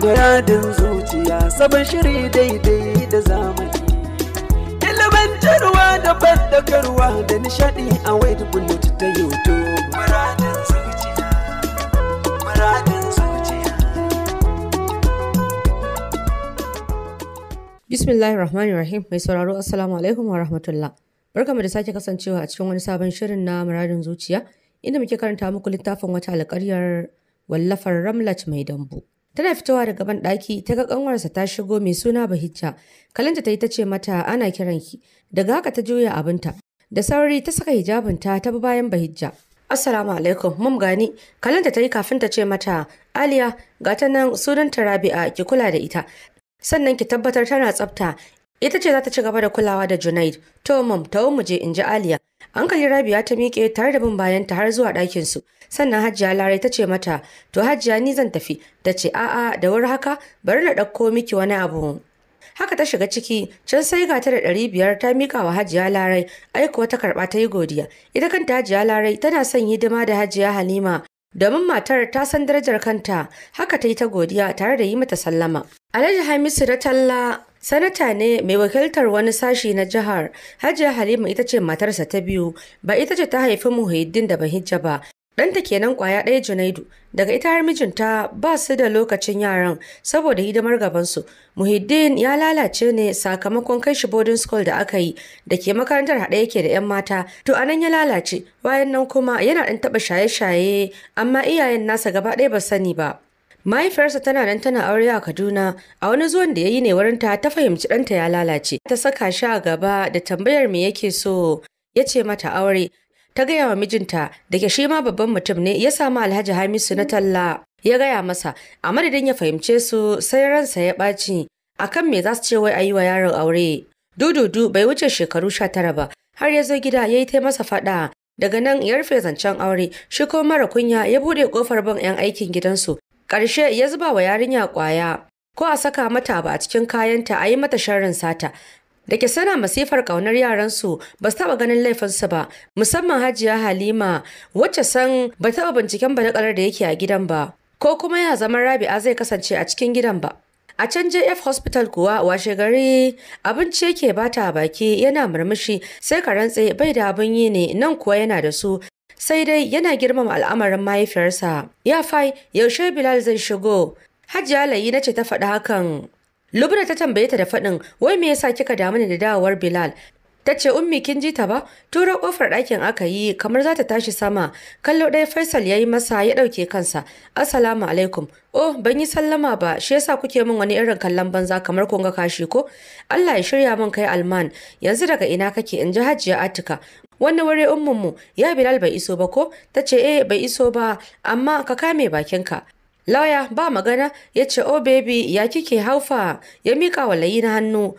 Muradin zuciya sabon shiri daidai da zamani. Ilimantarwa da bandakarwa da nishadi a wade bullet ta YouTube. bismillahir zuciya, rahim mai sauraro Assalamu alaikum wa rahmatullah. Barkamu da sake kasancewa a cikin wani sabon shirin na muradin zuciya inda muke karanta muku littafin wata alƙaryar wallafar Ramlat mai dambu. Tana fitowa daga gaban ɗaki ta ga ƙanwarsa ta shigo mai suna Bahijja. Kalanta ta yi ta ce mata ana kiranki. Daga haka ta juya abinta. Da sauri ta saka hijabinta ta bi bayan Bahijja. Assalamu alaikum, mum gani. Kalanta ta yi kafin ta ce mata Aliya ga ta nan sunanta Rabi'a ki kula da ita. Sannan ki tabbatar tana tsafta Ita ce za ta ci gaba da kulawa da Junaid. To mom, ta mu je in ji Aliya. Hankali Rabi'a ta miƙe tare da bin bayanta har zuwa ɗakin su. Sannan Hajiya Larai ta ce mata, "To Hajiya ni zan tafi." Ta ce, "A'a, da wuri haka, bari na ɗauko miki wani abu." Haka ta shiga ciki, can sai ga ta da ɗari biyar ta miƙa wa Hajiya Larai, aiko ta karɓa ta yi godiya. Ita kanta Hajiya Larai tana son hidima da Hajiya Halima. Domin matar ta san darajar kanta, haka ta yi ta godiya tare da yi mata sallama. Alhaji Hamisu da talla Sanata ne mai wakiltar wani sashi na jihar, Hajiya Halima ita ce matarsa ta biyu, ba ita ce ta haifi Muhyiddin da Bahijja ba. Ɗanta kenan ƙwaya ɗaya Junaidu, daga ita har mijinta ba su da lokacin yaran saboda hidimar gabansu. Muhiddin ya lalace ne sakamakon kai shi boarding school da aka yi da ke makarantar haɗe yake da 'yan mata. To anan ya lalace, bayan nan kuma yana ɗan taɓa shaye-shaye amma iyayen nasa gaba ɗaya ba sani ba. Mahaifiyarsa tana nan tana aure a Kaduna a wani zuwan da ya yi ne warinta ta fahimci ɗanta ya lalace. Ta saka shi a gaba da tambayar me yake so ya ce mata aure. Ta gaya wa mijinta da ke shi ma babban mutum ne ya samu Alhaji Hamisu na talla ya gaya masa a madadin ya fahimce su sai ransa ya ɓaci A kan me za su ce wai a yi wa yaron aure. Dududu bai wuce shekaru sha tara ba har ya zo gida ya yi ta masa faɗa daga nan ya rufe zancen aure shi ko mara kunya ya buɗe kofar ban 'yan aikin gidansu Karshe ya zuba wa yarinya ƙwaya ko a saka mata ba a cikin kayanta a yi mata sharrin sata da ke sana masifar ƙaunar yaransu ba su taɓa ganin laifinsu ba musamman hajiya halima wacce san ba taɓa binciken banakalar da yake a gidan ba ko kuma ya zama rabi'a zai kasance a cikin gidan ba a can jf hospital kuwa washe gari abinci yake bata baki yana murmushi sai ka rantse bai da abin yi ne nan kuwa yana da su sai dai yana girmama al'amarin mahaifiyarsa. Ya fai, yaushe Bilal zai shigo? Hajiya Layi na ce ta faɗi hakan. Lubna ta tambaye ta da faɗin, wai me yasa kika damu da dawowar Bilal? ta ce ummi kin ji ta ba turo kofar ɗakin aka yi kamar za ta tashi sama kallo ɗaya faisal ya yi masa ya ɗauke kansa assalamu alaikum oh ban yi sallama ba shi yasa kuke min wani irin kallon banza kamar kun ga kashi ko allah ya shirya min kai alman yanzu daga ina kake in ji hajiya atika wani wuri umminmu ya bilal bai iso ba ko ta ce eh bai iso ba amma ka kame bakinka lauya ba magana ya ce oh baby ya kike haufa ya miƙa wa layi na hannu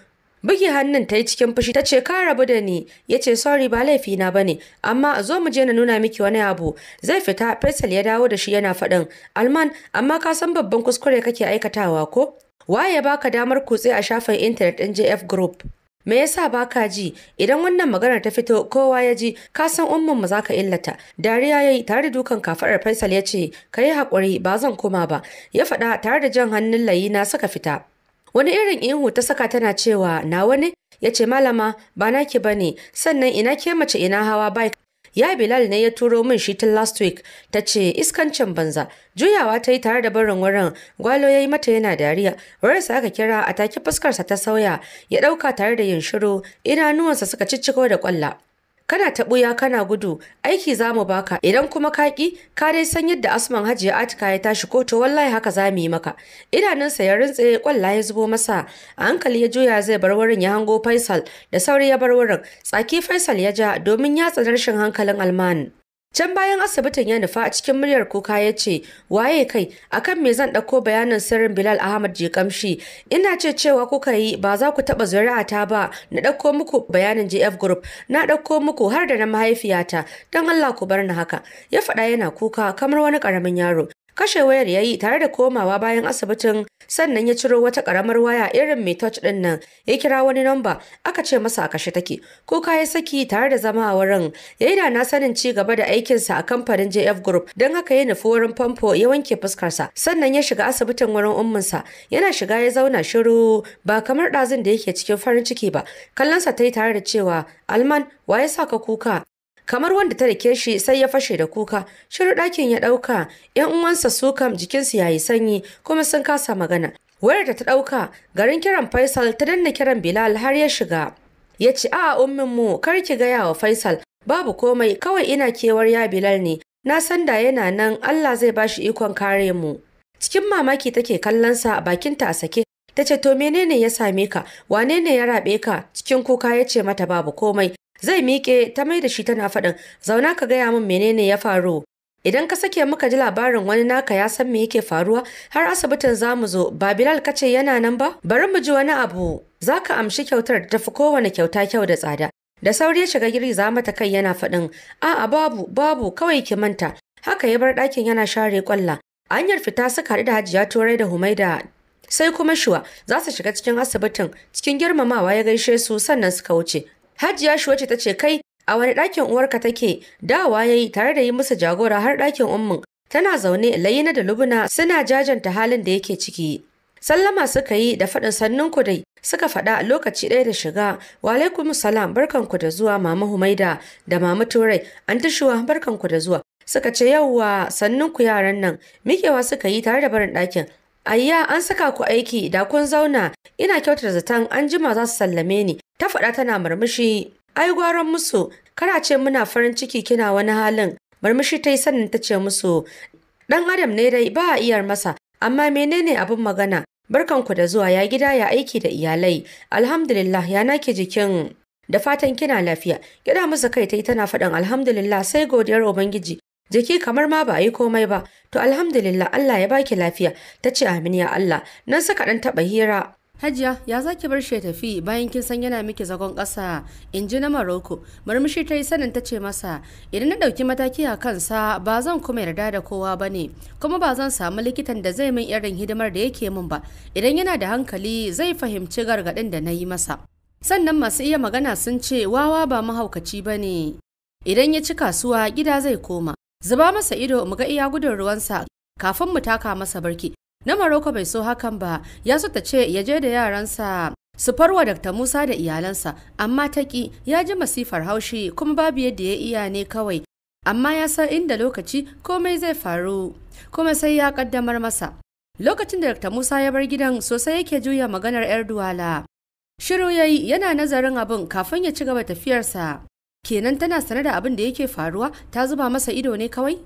bugi hannun ta yi cikin fushi ta ce ka rabu da ni ya ce sorry ba laifina ba ne amma a zo mu je na nuna miki wani abu zai fita faisal ya dawo da shi yana faɗin alman amma ka san babban kuskure kake aikatawa ko waye baka damar kutse a shafin intanet ɗin jf group Me yasa baka ji idan wannan maganar ta fito kowa ya ji ka san umman mu zaka illata dariya yayi tare da dukan kafaɗar Faisal ya ce kai hakuri ba zan koma ba ya faɗa tare da jan hannun layi na suka fita wani irin ihu ta saka tana cewa na wani ya ce malama ba naki ba ne sannan ina ke mace ina hawa bike ya bilal ne ya turo min shi tun last week ta ce iskancin banza juyawa ta yi tare da barin wurin gwalo ya yi mata yana dariya Wurin sa aka kira a take fuskarsa ta sauya ya ɗauka tare da yin shiru idanuwansa suka cicciko da kwalla kana ta ɓuya kana gudu aiki za mu baka idan kuma ka ƙi, ka dai san yadda asman hajiya atika ya tashi ko to wallahi haka za mu yi maka idanunsa ya rintse kwalla ya zubo masa a hankali ya juya zai bar wurin ya hango faisal da sauri ya bar wurin tsaki faisal ya ja domin ya tsanar shin hankalin alman Can bayan asibitin ya nufa a cikin muryar kuka ya ce, Waye kai, akan me zan ɗauko bayanin sirrin Bilal Ahmad Jekamshi, ina ce cewa kuka yi ba za ku taɓa zuri'ata ba, na ɗauko muku bayanin JF Group, na ɗauko muku har da na mahaifiyata, don Allah ku bar ni haka. Ya faɗa yana kuka kamar wani ƙaramin yaro. Kashe wayar ya yi tare da komawa bayan asibitin sannan ya ciro wata karamar waya irin mai touch ɗin nan ya kira wani namba aka ce masa a kashe take kuka ya saki tare da zama a wurin ya yi da na sanin ci gaba da aikinsa a kamfanin JF Group don haka ya nufi wurin famfo ya wanke fuskarsa sannan ya shiga asibitin wurin umminsa yana shiga ya zauna shiru ba kamar ɗazun da yake cikin farin ciki ba kallonsa ta yi tare da cewa Alman wa ya sa ka kuka kamar wanda ta rike shi sai ya fashe da kuka shiru ɗakin ya ɗauka yan uwansa su kam jikinsu yayi sanyi kuma sun kasa magana wayar da ta ɗauka garin kiran faisal ta danna kiran bilal har ya shiga ya ce a ummin mu kar ki gaya wa faisal babu komai kawai ina kewar ya bilal ne na san da yana nan allah zai bashi ikon kare mu cikin mamaki take kallon sa bakinta a sake ta ce to menene ya same ka wane ne ya rabe ka cikin kuka ya ce mata babu komai zai miƙe ta mai da shi tana faɗin zauna ka gaya min menene ya faru idan ka sake muka ji labarin wani naka ya san me yake faruwa har asibitin za mu zo ba bilal ka ce yana nan ba bari mu ji wani abu za ka amshi kyautar da tafi kowane kyauta kyau da tsada da sauri ya shiga giri za mata kai yana faɗin a'a babu babu kawai ki manta haka ya bar ɗakin yana share kwalla hanyar fita suka haɗu da hajiya turai da humaida sai kuma shuwa za su shiga cikin asibitin cikin girmamawa ya gaishe su sannan suka wuce Hajiya Shuwa ce ta ce kai a wani ɗakin uwarka take dawa ya yi tare da yi musu jagora har ɗakin ummin tana zaune layina da lubuna suna jajanta halin da yake ciki. Sallama suka yi da faɗin sannun ku dai suka faɗa a lokaci ɗaya da shiga wa alaikum salam barkanku da zuwa mama Humaida da mama Turai an tashuwa barkanku da zuwa suka ce yauwa sannun ku yaran nan mikewa suka yi tare da barin ɗakin Ayya an saka ku aiki da kun zauna ina kyautar zaton an jima za su sallame ni ta faɗa tana murmushi ai gwaron musu kana ce muna farin ciki kina wani halin murmushi ta yi sannan ta ce musu ɗan adam ne dai ba a iyar masa amma menene abin magana barkanku da zuwa ya gida ya aiki da iyalai alhamdulillah ya nake jikin da fatan kina lafiya gida musu kai ta yi tana faɗin alhamdulillah sai godiyar ubangiji jiki kamar ma ba a yi komai ba to alhamdulillah Allah ya baki lafiya ta ce amin ya Allah nan suka ɗan taɓa hira Hajiya ya zaki bar shi ya tafi bayan kin san yana miki zagon ƙasa in ji na Maroko murmushi ta yi sanin ta ce masa idan na ɗauki mataki a kansa ba zan kuma yarda da kowa ba ne kuma ba zan samu likitan da zai min irin hidimar da yake min ba idan yana da hankali zai fahimci gargaɗin da na yi masa. Sannan masu iya magana sun ce wawa ba mahaukaci ba ne idan ya ci kasuwa gida zai koma zuba masa ido mu ga iya gudun ruwansa kafin mu taka masa barki na maroko bai so hakan ba ya so ta ce ya je da yaransa su farwa Dr. Musa da iyalansa amma taki ya ji masifar haushi kuma babu yadda ya iya ne kawai amma ya san inda lokaci komai zai faru kuma sai ya kaddamar masa lokacin da Dr. Musa ya bar gidan sosai yake juya maganar 'yar duwala shiru ya yi yana nazarin abin kafin ya ci gaba tafiyarsa kenan tana sane da abin da yake faruwa ta zuba masa ido ne kawai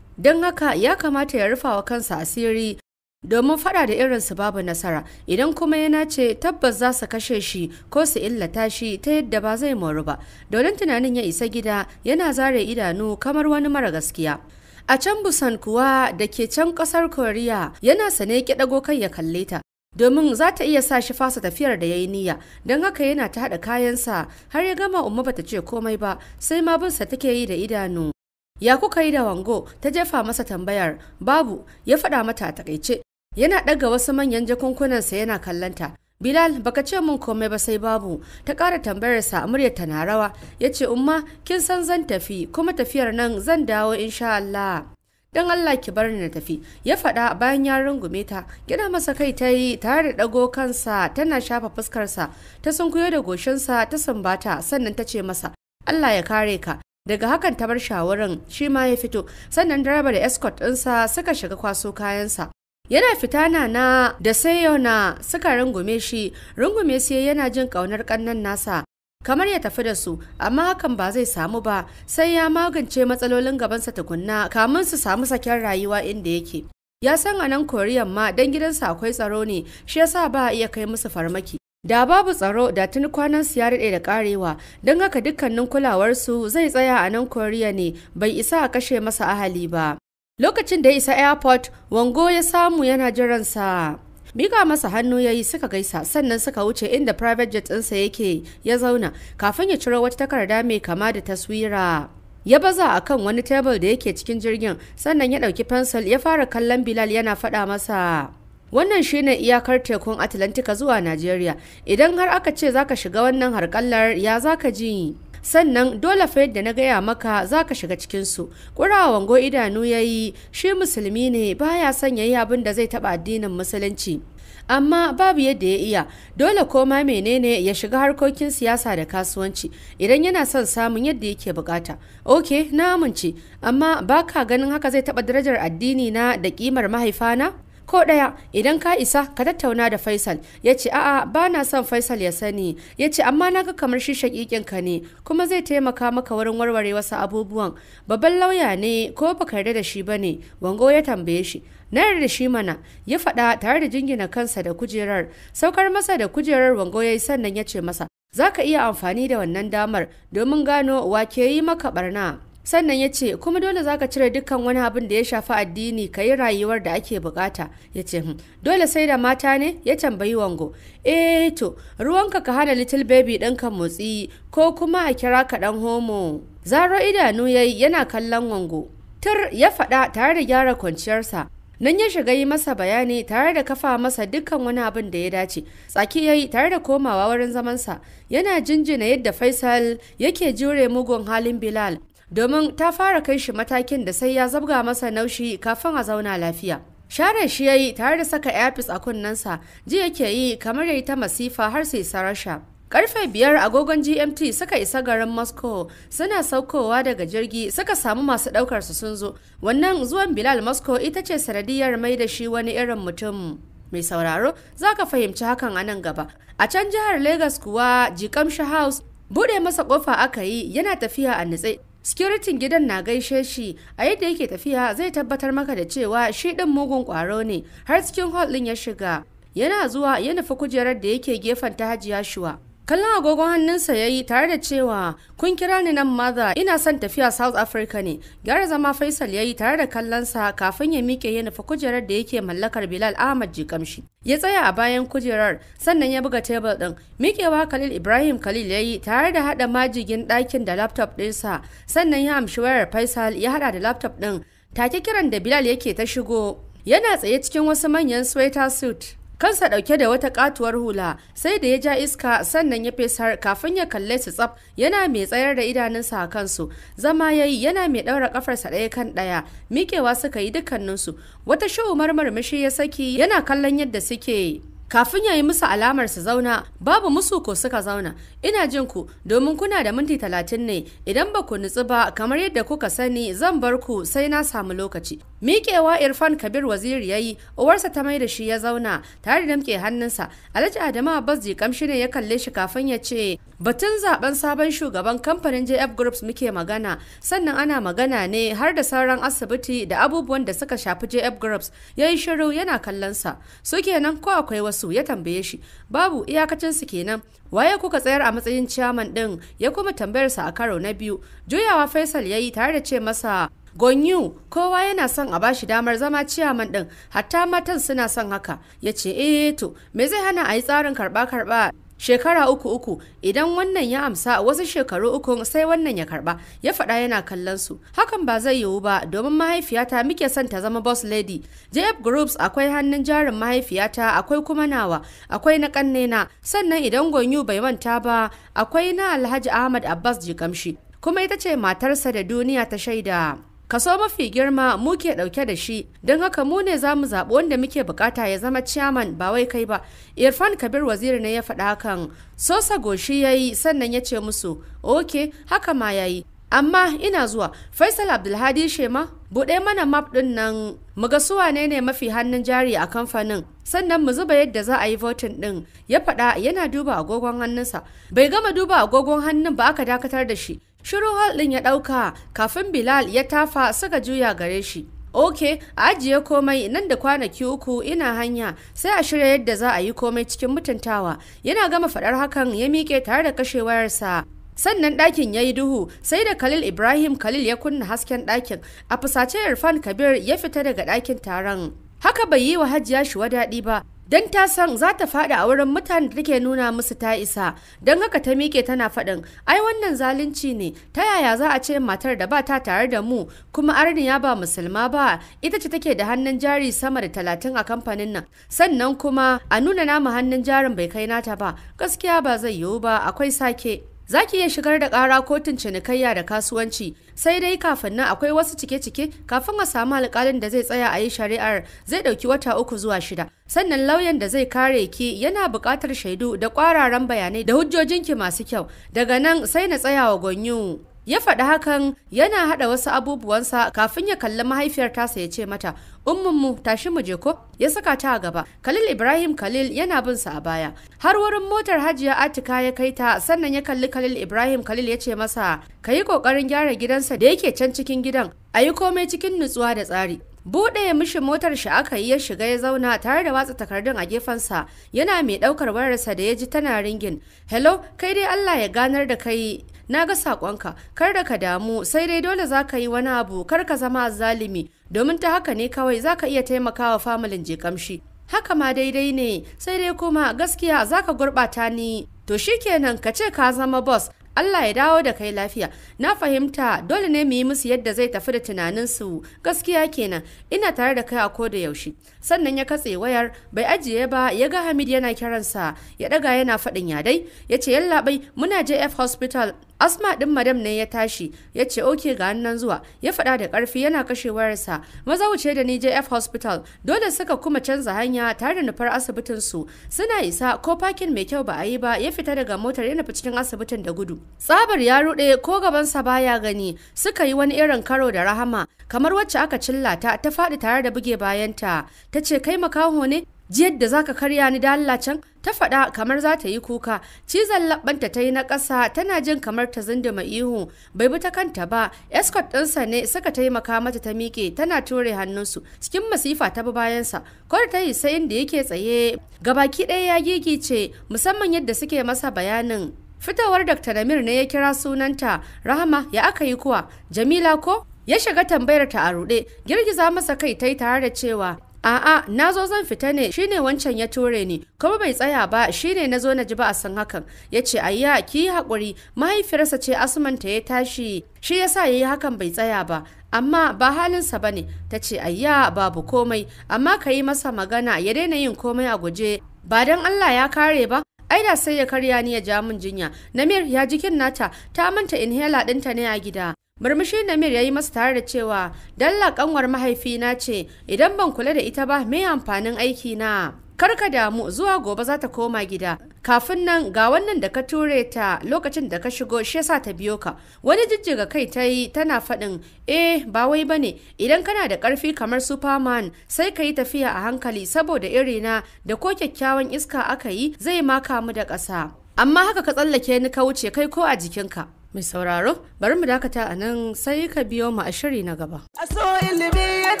don haka ya kamata ya rufa wa kansa asiri domin fada da irinsu babu nasara idan kuma yana ce tabbas za su kashe shi ko su illata shi ta yadda ba zai moru ba domin tunanin ya isa gida yana zare idanu kamar wani mara gaskiya a can busan kuwa da ke can kasar koriya yana sane ki kai ya kalle ta domin za ta iya sa shi fasa tafiyar da ya yi niyya don haka yana ta haɗa kayansa har ya gama umma bata ce komai ba sai ma binsa take yi da idanu ya kuka yi da wango ta jefa masa tambayar babu ya faɗa mata a takaice yana ɗaga wasu manyan jakunkunansa yana kallanta Bilal baka ce min komai ba sai babu ta ƙara tambayarsa murya ta na rawa ya umma kin san zan tafi kuma tafiyar nan zan dawo insha Allah dan Allah ki bar ni na tafi ya faɗa bayan ya rungume ta gida masa kai ta yi tare da ɗago kansa tana shafa fuskarsa ta sunkuyo da goshin sa ta sambata sannan ta ce masa Allah ya kare ka daga hakan ta bar shawarin shi ma ya fito sannan direba da escort ɗinsa suka shiga kwaso kayansa yana fita na na da sai sayona suka rungume shi rungume sai yana jin ƙaunar ƙannan nasa kamar ya tafi da su amma hakan ba zai samu ba sai ya magance matsalolin gabansa tukunna kamun su samu saken rayuwa inda yake ya san a nan koriyan ma dan gidansa akwai tsaro ne shi yasa ba a iya kai musu farmaki da babu tsaro da tun kwanan su ya daɗe da karewa don haka dukkanin kulawarsu zai tsaya a nan koriya ne bai isa a kashe masa ahali ba lokacin da ya isa airport wango ya samu yana jiransa mika masa hannu ya yi suka gaisa sannan suka wuce inda private jet ɗinsa yake ya zauna kafin ya ciro wata takarda mai kama da taswira ya baza a kan wani tebur da yake cikin jirgin sannan ya ɗauki pencil ya fara kallon bilal yana faɗa masa wannan shine iyakar tekun atlantika zuwa najeriya idan har aka ce zaka shiga wannan harkallar ya zaka ji sannan dole fa yadda na gaya maka za ka shiga cikinsu ƙura wango idanu ya yi shi musulmi ne baya son ya yi abin da zai taɓa addinin musulunci amma babu yadda ya iya dole koma menene ya shiga harkokin siyasa da kasuwanci idan yana son samun yadda yake bukata ok na amince amma ba ka ganin haka zai taɓa darajar addini na da ƙimar mahaifana ko ɗaya idan ka isa ka tattauna da faisal ya ce a'a ba na son faisal ya sani ya ce amma na ga kamar shi shakikin ka ne kuma zai taimaka maka wurin warware wasu abubuwan babban lauya ne ko baka yarda da shi ba ne wango ya tambaye shi na yarda shi mana ya faɗa tare da jingina kansa da kujerar saukar masa da kujerar wango ya yi sannan ya ce masa za ka iya amfani da wannan damar domin gano wa ke yi maka ɓarna. sannan ya ce kuma dole zaka cire dukkan wani abin da ya shafi addini ka yi rayuwar da ake bukata ya ce hmm, dole sai da mata ne ya tambayi wango eh to ruwanka ka hana little baby ɗinka motsi ko kuma a kira ka ɗan homo zaro idanu ya yi, yana kallon wango tur ya faɗa tare da gyara kwanciyarsa nan ya shiga yi masa bayani tare da kafa masa dukkan wani abin da ya dace tsaki ya yi tare da komawa wurin zamansa yana jinjina yadda faisal yake jure mugun halin bilal domin ta fara kai shi matakin da sai ya zabga masa naushi kafin a zauna lafiya. Share shi ya yi tare da saka airpiece a kunnensa Jiya yake yi kamar ya yi ta masifa har sai sarasha. Karfe biyar agogon GMT suka isa garin Moscow suna saukowa daga jirgi suka samu masu ɗaukar su sun zo. Wannan zuwan Bilal Moscow ita ce sanadiyar mai da shi wani irin mutum. Mai sauraro za ka fahimci hakan a nan gaba. A can jihar Legas kuwa Jikamshi House buɗe masa kofa aka yi yana tafiya a nutse sikiritin gidan na gaishe shi a yadda yake tafiya zai tabbatar maka da cewa shi ɗin mugun ƙwaro ne har cikin hol ɗin ya shiga yana zuwa ya nufi kujerar da yake gefen ta hajiya shuwa kallon agogon hannunsa ya yi tare da cewa kun kira ni nan maza ina son tafiya south africa ne gyara zama faisal ya yi tare da kallonsa kafin ya miƙe ya nufi kujerar da yake mallakar bilal ahmad jikamshi ya tsaya a bayan kujerar sannan ya buga tebur ɗin miƙewa khalil ibrahim khalil ya yi tare da haɗa majigin ɗakin da laptop ɗinsa sannan ya amshi wayar faisal ya haɗa da laptop ɗin take kiran da bilal yake ta shigo yana tsaye cikin wasu manyan sweater suit kansa dauke da wata katuwar hula sai da ya ja iska sannan ya fesar kafin ya kalle su tsaf yana mai tsayar da idanunsa a kansu zama ya yi yana mai daura kafarsa ɗaya kan ɗaya mikewa suka yi dukkaninsu wata sha'umar marmashi ya saki yana kallon yadda suke kafin ya yi musu alamar su zauna babu musu ko suka zauna ina jin ku domin kuna da minti talatin ne idan ba ku nutsu ba kamar yadda kuka sani zan bar ku sai na samu lokaci miƙewa irfan kabir waziri ya yi uwarsa ta mai da shi ya zauna tare da damƙe hannunsa alhaji adamu abbas kamshi ne ya kalle shi kafin ya ce batun zaben sabon shugaban kamfanin jf groups muke magana sannan ana magana ne har da sauran asibiti da abubuwan da suka shafi jf groups ya yi shiru yana kallonsa su kenan ko akwai wasu su ya tambaye shi babu iyakacinsu kenan waye kuka tsayar a matsayin ciyaman din ya kuma tambayarsa a karo na biyu juyawa faisal ya yi tare da ce masa Gonyu kowa yana son a bashi damar zama ciyaman din hatta matan suna son haka ya ce eh to me zai hana a yi tsarin karba-karba shekara uku uku idan wannan ya amsa wasu shekaru uku sai wannan ya karba ya faɗa yana kallon su hakan ba zai yiwu ba domin mahaifiyata muke son ta zama boss lady jf groups akwai hannun jarin mahaifiyata akwai kuma nawa akwai na ƙannena. sannan idan gonyu bai manta ba akwai na alhaji ahmad abbas jikamshi kuma ita ce matarsa da duniya ta shaida kaso mafi girma muke dauke da shi don haka mu ne za mu zaɓi wanda muke bukata ya zama ciyaman ba wai kai ba irfan kabir waziri ne ya faɗa hakan sosa goshi ya yi sannan ya ce musu ok haka ma ya yi amma ina zuwa faisal abdulhadi shema buɗe mana map ɗin nan mu ga su ne mafi hannun jari a kamfanin sannan mu zuba yadda za a yi votin ɗin ya faɗa yana duba agogon hannunsa bai gama duba agogon hannun ba aka dakatar da shi shiru hall ɗin ya ɗauka kafin bilal ya tafa suka juya gare shi ok a ajiye komai nan da kwanaki uku ina hanya sai a shirya yadda za a yi komai cikin mutuntawa yana gama faɗar hakan ya miƙe tare da kashe wayarsa sannan ɗakin ya yi duhu sai da khalil ibrahim khalil ya kunna hasken ɗakin a fusace irfan kabir ya fita daga ɗakin taron haka bai yi wa hajiya wa daɗi ba don ta san za ta faɗi a wurin mutanen da take nuna musu ta isa don haka ta miƙe tana faɗin ai wannan zalunci ne ta yaya za a ce matar da ba ta tare da mu kuma arniya ba musulma ba ita ce take da hannun jari sama da talatin a kamfanin nan sannan kuma a nuna namu hannun jarin bai kai nata ba gaskiya ba zai yiwu ba akwai sake za ki iya shigar da ƙara kotun cinikayya da kasuwanci sai dai kafin nan akwai wasu cike-cike kafin a samu alƙalin da zai tsaya a yi shari'ar zai ɗauki wata uku zuwa shida sannan lauyan da zai kare ki yana buƙatar shaidu da ƙwararan bayanai da hujjojinki masu kyau daga nan sai na tsaya wa gonyu ya faɗi hakan yana haɗa wasu abubuwansa kafin ya kalli mahaifiyar tasa ya ce mata umminmu tashi mu je ko ya saka ta a gaba khalil ibrahim khalil yana bin sa a baya har wurin motar hajiya atika ya kai ta sannan ya kalli khalil ibrahim khalil ya ce masa ka yi ƙoƙarin gyara gidansa da yake can cikin gidan a yi komai cikin nutsuwa da tsari buɗe mishi motar shi aka yi ya shiga ya zauna tare da watsa takardun a gefen sa, yana mai ɗaukar wayarsa da ya ji tana ringin hello kai dai allah ya ganar da kai na ga saƙonka kar da ka damu sai dai dole za ka yi wani abu kar ka zama zalimi domin ta haka ne kawai za ka iya taimakawa familin je kamshi haka ma daidai ne sai dai kuma gaskiya za ka gurɓata ni to shikenan ka ce ka zama boss Allah ya dawo da kai lafiya na fahimta dole ne mu yi musu yadda zai tafi da su gaskiya kenan ina tare da kai a ko da yaushe sannan ya katse wayar bai ajiye ba ya ga Hamid yana kiransa ya ɗaga yana faɗin ya dai ya ce yallaɓai muna JF hospital asma din madam ne ya tashi ya ce oke ga hannun zuwa ya faɗa da karfi yana kashe wayarsa maza wuce da ni f hospital dole suka kuma canza hanya tare da nufar asibitin su suna isa ko parking mai kyau ba a yi ba ya fita daga motar ya nufi cikin asibitin da gudu tsabar ya rude ko gabansa baya gani suka yi wani irin karo da rahama kamar wacce aka cillata ta faɗi tare da buge bayanta ta ce kai makaho ne jiyar da zaka karya ni da Allah can ta faɗa kamar za ta yi kuka cizon labbanta ta yi na ƙasa tana jin kamar ta mai ihu bai bi ta kanta ba escort ɗinsa ne suka taimaka mata ta miƙe tana ture hannunsu cikin masifa ta bi bayansa kawai ta yi sai inda yake tsaye gabaki ɗaya ya gigice musamman yadda suke masa bayanin fitowar dr namir ne ya kira sunanta rahama ya aka yi kuwa jamila ko ya shiga tambayar ta a ruɗe girgiza masa kai ta yi tare da cewa A'a, na zo zan fita ne, shine wancan ya ture ni, kuma bai tsaya ba, shine na zo na ji ba a san hakan. Ya ce, ayya, ki yi haƙuri, mahaifiyarsa ce asmanta ya tashi, shi yasa ya yi hakan bai tsaya ba. Amma ba halinsa ba ne, ta ce, ayya, babu komai, amma ka yi masa magana, ya daina yin komai a guje, ba don Allah ya kare ba ai da sai ya karya ni ya ja min jinya namir ya jikin nata ta manta inhaler dinta ne a gida murmushi namir ya yi masa tare da cewa dalla kanwar mahaifina ce idan ban kula da ita ba me amfanin aiki na karka damu zuwa gobe za ta koma gida kafin nan ga wannan da ka ture ta lokacin da ka shigo shi yasa ta biyo ka wani jijjiga kai ta yi tana faɗin eh ba wai ba ne. idan kana da ƙarfi kamar superman sai ka yi tafiya a hankali saboda irina da ko kyakkyawan iska aka yi zai maka mu da ƙasa amma haka ka tsallake ni ka wuce kai ko a jikinka Mai sauraro, bari mu dakata a nan sai ka biyo mu a shiri na gaba. Aso ilimi yana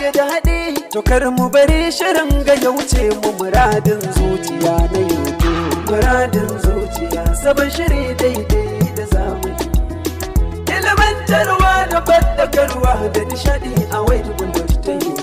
da daɗi, To kar mu bari shirin ga yauce mu muradin zuciya na yauke. Muradin zuciya sabon shiri daidai da zamani. Ilimantarwa da fadakarwa da nishaɗi a wai ta yi.